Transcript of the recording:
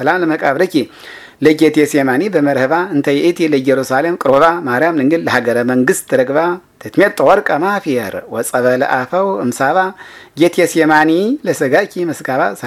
ሰላም ለመቃብረኪ ለጌቴ ሴማኒ በመርህባ እንተ ይእቲ ለኢየሩሳሌም ቅሮባ ማርያም ልንግል ለሀገረ መንግስት ትረግባ ትትሜጦ ወርቀ ማፊየር ወጸበለ አፈው እምሳባ ጌቴ ሴማኒ ለሰጋኪ መስጋባ